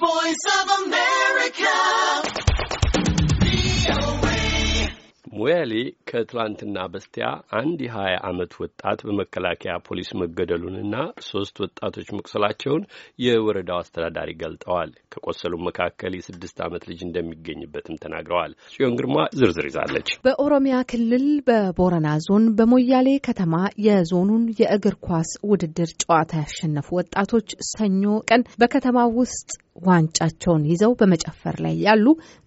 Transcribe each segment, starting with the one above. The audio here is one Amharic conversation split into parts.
The ሙያሌ ከትላንትና በስቲያ አንድ የሀያ ዓመት ወጣት በመከላከያ ፖሊስ መገደሉንና ሶስት ወጣቶች መቁሰላቸውን የወረዳው አስተዳዳሪ ገልጠዋል። ከቆሰሉ መካከል የስድስት ዓመት ልጅ እንደሚገኝበትም ተናግረዋል። ጽዮን ግርማ ዝርዝር ይዛለች። በኦሮሚያ ክልል በቦረና ዞን በሞያሌ ከተማ የዞኑን የእግር ኳስ ውድድር ጨዋታ ያሸነፉ ወጣቶች ሰኞ ቀን በከተማ ውስጥ ዋንጫቸውን ይዘው በመጨፈር ላይ ያሉ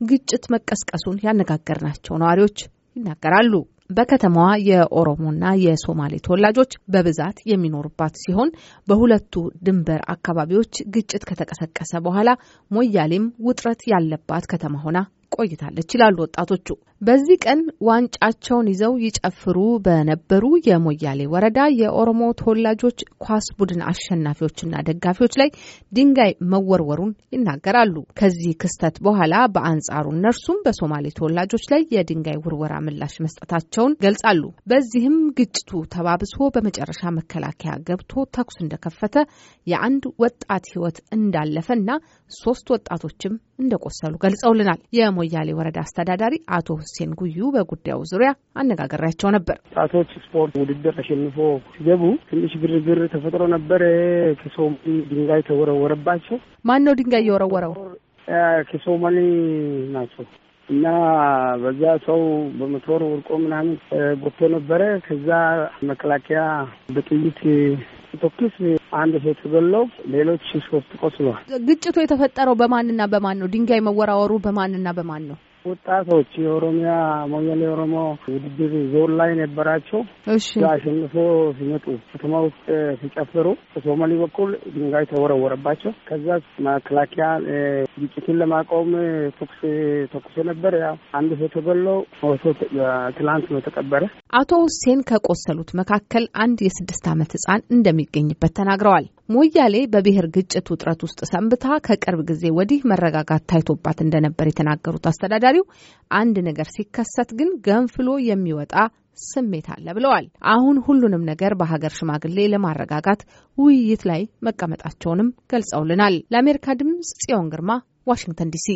ግጭት መቀስቀሱን ያነጋገርናቸው ነዋሪዎች ይናገራሉ። በከተማዋ የኦሮሞና የሶማሌ ተወላጆች በብዛት የሚኖሩባት ሲሆን በሁለቱ ድንበር አካባቢዎች ግጭት ከተቀሰቀሰ በኋላ ሞያሌም ውጥረት ያለባት ከተማ ሆና ቆይታለች ይላሉ ወጣቶቹ። በዚህ ቀን ዋንጫቸውን ይዘው ይጨፍሩ በነበሩ የሞያሌ ወረዳ የኦሮሞ ተወላጆች ኳስ ቡድን አሸናፊዎችና ደጋፊዎች ላይ ድንጋይ መወርወሩን ይናገራሉ። ከዚህ ክስተት በኋላ በአንጻሩ እነርሱም በሶማሌ ተወላጆች ላይ የድንጋይ ውርወራ ምላሽ መስጠታቸውን ገልጻሉ። በዚህም ግጭቱ ተባብሶ በመጨረሻ መከላከያ ገብቶ ተኩስ እንደከፈተ የአንድ ወጣት ሕይወት እንዳለፈና ሶስት ወጣቶችም እንደቆሰሉ ገልጸውልናል። የሞያሌ ወረዳ አስተዳዳሪ አቶ ሁሴን ጉዩ በጉዳዩ ዙሪያ አነጋገሪያቸው ነበር። ጣቶች ስፖርት ውድድር ተሸንፎ ሲገቡ ትንሽ ግርግር ተፈጥሮ ነበር። ከሰው ድንጋይ ተወረወረባቸው። ማን ነው ድንጋይ የወረወረው? ከሶማሌ ናቸው እና በዛ ሰው በሞቶር ወርቆ ምናምን ጎቶ ነበረ። ከዛ መከላከያ በጥይት ተኩስ አንድ ሰው ተገለው ሌሎች ሶስት ቆስሏል። ግጭቱ የተፈጠረው በማንና በማን ነው? ድንጋይ መወራወሩ በማንና በማን ነው? ወጣቶች የኦሮሚያ ሞያሌ ኦሮሞ ውድድር ዞን ላይ ነበራቸው። አሸንፎ ሲመጡ ከተማ ውስጥ ሲጨፍሩ በሶማሌ በኩል ድንጋይ ተወረወረባቸው። ከዛ መከላከያ ግጭትን ለማቆም ተኩስ ተኩሶ ነበር። ያው አንድ ሰው ተገሎ ትላንት ነው ተቀበረ። አቶ ሁሴን ከቆሰሉት መካከል አንድ የስድስት ዓመት ህጻን እንደሚገኝበት ተናግረዋል። ሞያሌ በብሔር ግጭት ውጥረት ውስጥ ሰንብታ ከቅርብ ጊዜ ወዲህ መረጋጋት ታይቶባት እንደነበር የተናገሩት አስተዳዳሪው አንድ ነገር ሲከሰት ግን ገንፍሎ የሚወጣ ስሜት አለ ብለዋል። አሁን ሁሉንም ነገር በሀገር ሽማግሌ ለማረጋጋት ውይይት ላይ መቀመጣቸውንም ገልጸውልናል። ለአሜሪካ ድምጽ ጽዮን ግርማ ዋሽንግተን ዲሲ